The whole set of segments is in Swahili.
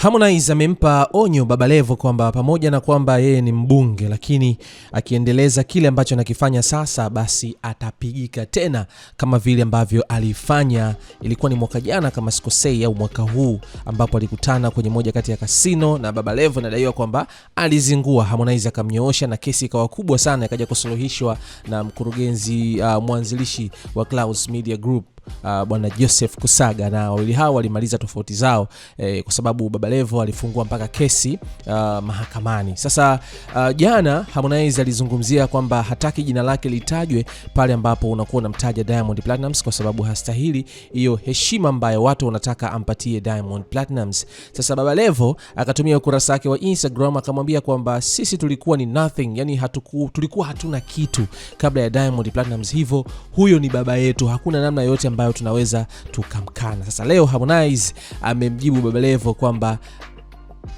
Harmonize amempa onyo Baba Levo kwamba pamoja na kwamba yeye ni mbunge, lakini akiendeleza kile ambacho anakifanya sasa, basi atapigika tena kama vile ambavyo alifanya, ilikuwa ni mwaka jana kama sikosei, au mwaka huu, ambapo alikutana kwenye moja kati ya kasino na Baba Levo. Inadaiwa kwamba alizingua Harmonize, akamnyoosha na kesi ikawa kubwa sana, ikaja kusuluhishwa na mkurugenzi uh, mwanzilishi wa Clouds Media Group uh, bwana Joseph Kusaga, na wawili hao walimaliza tofauti zao eh, kwa sababu Babalevo alifungua mpaka kesi uh, mahakamani. Sasa uh, jana Harmonize alizungumzia kwamba hataki jina lake litajwe pale ambapo unakuwa unamtaja Diamond platinums kwa sababu hastahili hiyo heshima ambayo watu wanataka ampatie Diamond platinums Sasa Babalevo akatumia ukurasa wake wa Instagram akamwambia kwamba sisi tulikuwa ni nothing, yani hatuku, tulikuwa hatuna kitu kabla ya Diamond platinums hivyo huyo ni baba yetu, hakuna namna yoyote ambayo tunaweza tukamkana. Sasa leo Harmonize amemjibu Baba Levo kwamba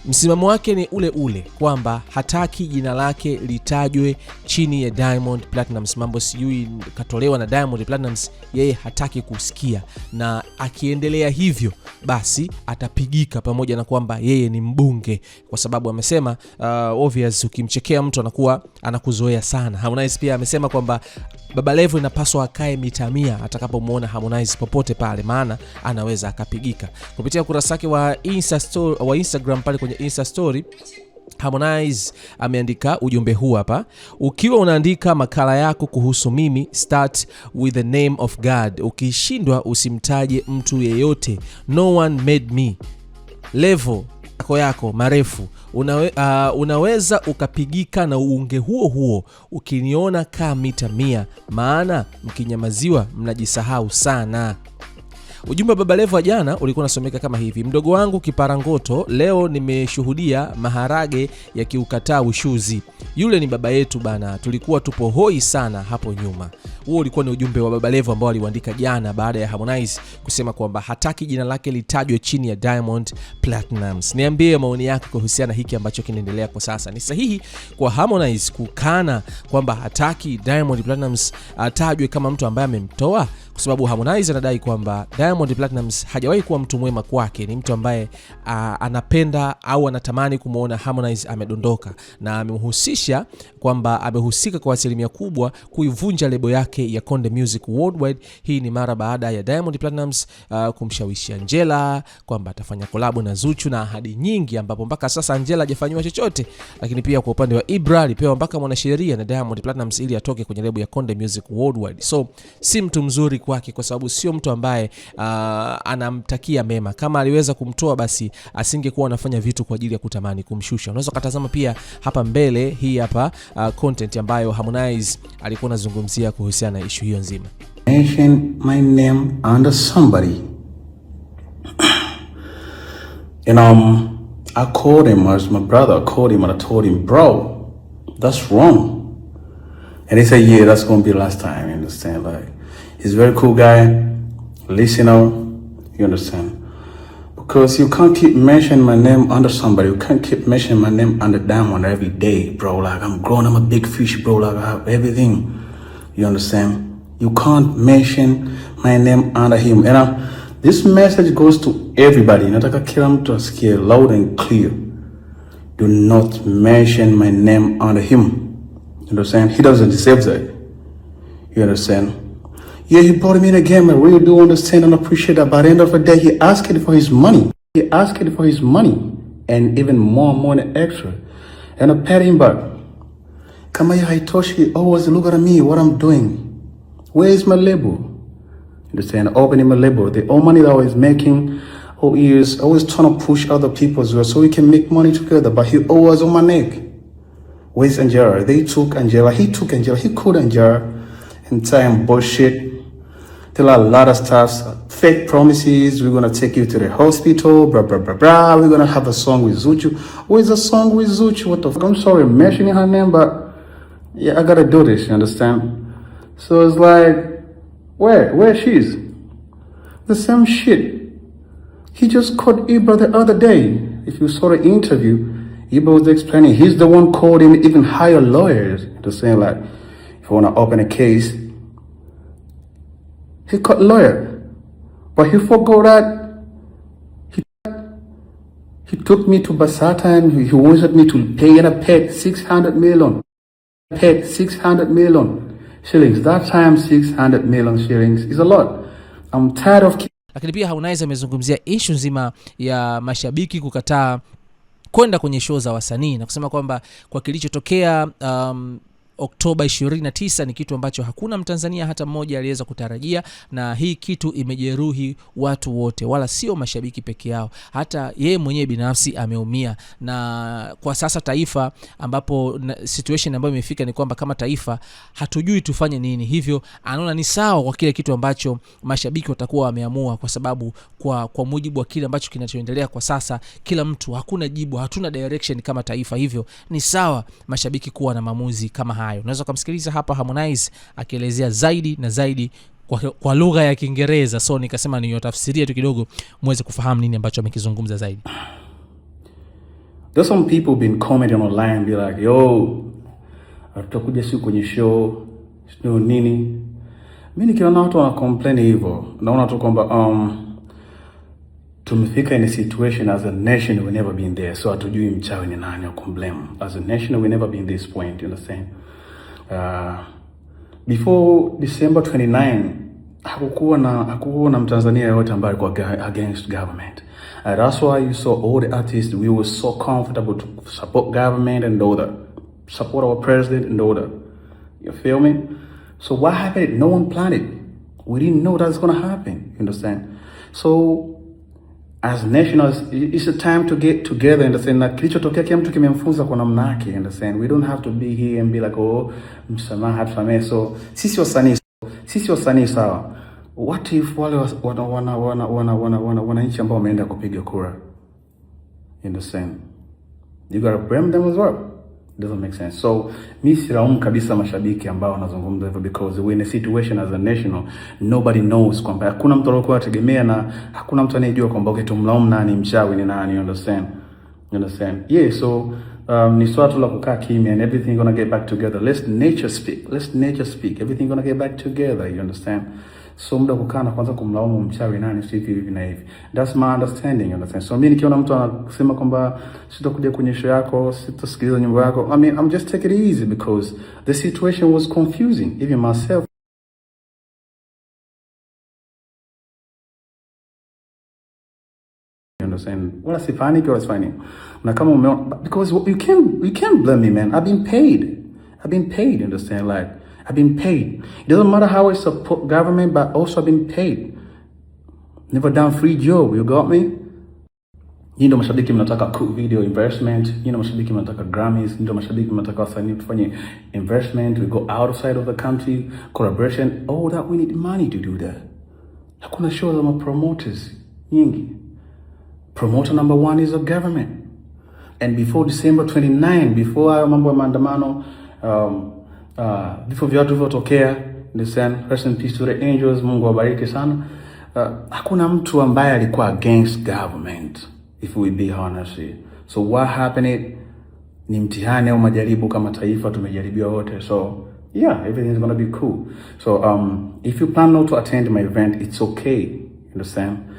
Msimamo wake ni ule ule kwamba hataki jina lake litajwe chini ya Diamond Platnumz. Mambo sijui katolewa na Diamond Platnumz, yeye hataki kusikia, na akiendelea hivyo basi atapigika, pamoja na kwamba yeye ni mbunge, kwa sababu amesema uh, obvious, ukimchekea mtu anakuwa anakuzoea sana. Harmonize pia amesema kwamba Baba Levo inapaswa akae mita mia atakapomwona Harmonize popote pale, maana anaweza akapigika. Kupitia ukurasa wake wa, Insta wa Instagram pale kwenye Insta story Harmonize ameandika ujumbe huu hapa: ukiwa unaandika makala yako kuhusu mimi, start with the name of God. Ukishindwa usimtaje mtu yeyote, no one made me. Level yako yako marefu unawe, uh, unaweza ukapigika na uunge huo huo ukiniona kaa mita mia, maana mkinyamaziwa mnajisahau sana. Ujumbe wa Baba Levo wa jana ulikuwa unasomeka kama hivi: mdogo wangu kipara ngoto leo nimeshuhudia maharage yakiukataa ushuzi. Yule ni baba yetu bana, tulikuwa tupo hoi sana hapo nyuma. Huo ulikuwa ni ujumbe wa Baba Levo ambao aliuandika jana baada ya Harmonize kusema kwamba hataki jina lake litajwe chini ya Diamond platinums Niambie maoni yako kuhusiana hiki ambacho kinaendelea kwa sasa. Ni sahihi kwa Harmonize kukana kwamba hataki Diamond platinums atajwe kama mtu ambaye amemtoa? Kwa sababu Harmonize anadai kwamba Diamond platinums hajawahi kuwa mtu mwema kwake, ni mtu ambaye uh, anapenda au anatamani kumwona Harmonize amedondoka, na amemhusisha kwamba amehusika kwa asilimia kubwa kuivunja lebo yake yake ya Konde Music Worldwide. Hii ni mara baada ya Diamond platinums uh, kumshawishi Angela kwamba atafanya kolabo na Zuchu na ahadi nyingi, ambapo mpaka sasa Angela hajafanyiwa chochote. Lakini pia kwa upande wa Ibra alipewa mpaka mwanasheria na Diamond platinums ili atoke kwenye lebo ya Konde Music Worldwide. So si mtu mzuri kwake, kwa sababu sio mtu ambaye uh, anamtakia mema. Kama aliweza kumtoa basi asingekuwa anafanya vitu kwa ajili ya kutamani kumshusha. Unaweza ukatazama pia hapa mbele, hii hapa uh, content ambayo Harmonize alikuwa anazungumzia kuhusu kuhusiana na ishu hiyo nzima? Mention my name under somebody you know I called him as my brother I called him and I told him bro that's wrong and he said yeah that's gonna be last time you understand like he's a very cool guy listen up. you understand because you can't keep mentioning my name under somebody. You can't keep mentioning my name under diamond every day, bro. Like I'm grown, I'm a big fish, bro. Like I have everything. You understand? You can't mention my name under him. And I'm, um, this message goes to everybody. Nataka to ask asikie loud and clear. Do not mention my name under him. You understand? He doesn't deserve that. You understand? Yeah, he brought him in again. I really do understand and appreciate that. By the end of the day, he asked for his money. He asked for his money and even more money extra. And I paid him back. Kama ya haitoshi, oh, always look at me, what I'm doing. Where is my label? saying Opening my label. The old money that I was making, who oh, is always trying to push other people as well so we can make money together. But he always on my neck. Where's Angela? They took Angela. He took Angela. He called Angela and bullshit. Tell a lot of stuff, fake promises. We're gonna take you to the hospital, blah blah blah blah. We're gonna have a song with Zuchu. Where's a song with Zuchu? What the fuck? I'm sorry, mentioning her name, but yeah, I gotta do this, you understand? So it's like, where, where she's? The same shit. He just called Ibra the other day. If you saw the interview, Ibra was explaining he's the one calling even higher lawyers to say like, if you wanna open a case, he called lawyer, but he forgot that. He he took me to Basata and he wanted me to pay and I paid six hundred million. paid 600 million shillings. That time 600 million shillings is a lot. I'm tired of lakini pia Harmonize amezungumzia ishu nzima ya mashabiki kukataa kwenda kwenye show za wasanii na kusema kwamba kwa kilichotokea um, Oktoba 29 ni kitu ambacho hakuna Mtanzania hata mmoja aliweza kutarajia, na hii kitu imejeruhi watu wote, wala sio mashabiki peke yao, hata yeye mwenyewe binafsi ameumia. Na kwa sasa taifa, ambapo situation ambayo imefika ni kwamba kama taifa hatujui tufanye nini, hivyo anaona ni sawa kwa kile kitu ambacho mashabiki watakuwa wameamua, kwa sababu kwa, kwa mujibu wa kile ambacho kinachoendelea kwa sasa, kila mtu hakuna jibu, hatuna direction kama taifa, hivyo ni sawa mashabiki kuwa na maamuzi kama haya hayo Unaweza ukamsikiliza hapa Harmonize akielezea zaidi na zaidi kwa, kwa lugha ya Kiingereza, so nikasema niyotafsirie tu kidogo muweze kufahamu nini ambacho amekizungumza zaidi. There's some people been commenting online be like yo, tutakuja siku kwenye show sio nini. Mimi nikiona watu wana complain hivyo, naona tu kwamba um, tumefika in a situation as a nation we never been there, so hatujui mchawi ni nani wa kumblame. As a nation we never been this point, you understand? Uh, before December 29 hakukuwa na hakukuwa na Mtanzania yoyote ambaye alikuwa against government. Uh, that's why you saw all the artists we were so comfortable to support government and order, support our president and order. You feel me? So what happened? No one planned it. We didn't know that's gonna happen. You understand? So as nationals it's a time to get together and say, na kilichotokea kila mtu kimemfunza kwa namna yake and say we don't have to be here and be like oh msamaha tusamehe so sisi wasanii sisi wasanii sawa what if wale wana wana wana wana wana wana wana nchi ambao wameenda kupiga kura in the same you got to blame them as well Doesn't make sense. So mi silaumu kabisa mashabiki ambao wanazungumza hivyo because we in a situation as a national nobody knows kwamba hakuna mtu aliyokuwa ategemea na hakuna mtu anayejua kwamba okay, tumlaumu nani, mchawi ni nani, you understand? You understand? Yeah, so um, ni swala tu la kukaa kimya and everything gonna get back together. Let's nature speak. Let's nature speak. Everything gonna get back together. You understand? So muda kukaa na kwanza kumlaumu mchawi nani, si hivi hivi na hivi. That's my understanding, you understand? So mimi nikiona mtu anasema kwamba sitakuja kwenye show yako, sitasikiliza nyimbo yako, I mean, I'm just take it easy because the situation was confusing even myself. understand? Wala sifaniki wala sifaniki. Na kama umeona because you can't you can't blame me man. I've been paid. I've been paid, you understand like I've been paid. It doesn't matter how I support government, but also I've been paid. Never done free job, you got me? Nyinyi ndio mashabiki mnataka video investment, nyinyi ndio mashabiki mnataka Grammys, nyinyi ndio mashabiki mnataka wasanii tufanye investment, we go outside of the country, collaboration, all that we need money to do that. Na kuna show za promoters nyingi. Promoter number one is a government. And before December 29, before hayo mambo ya maandamano um, Ah, vifo vya watu vilivyotokea, rest in peace to the angels, Mungu awabariki sana. Uh, hakuna mtu ambaye alikuwa against government if we be honest. So what happened ni mtihani au majaribu, kama taifa tumejaribiwa wote, so yeah everything is going to be cool. So um if you plan not to attend my event it's okay, understand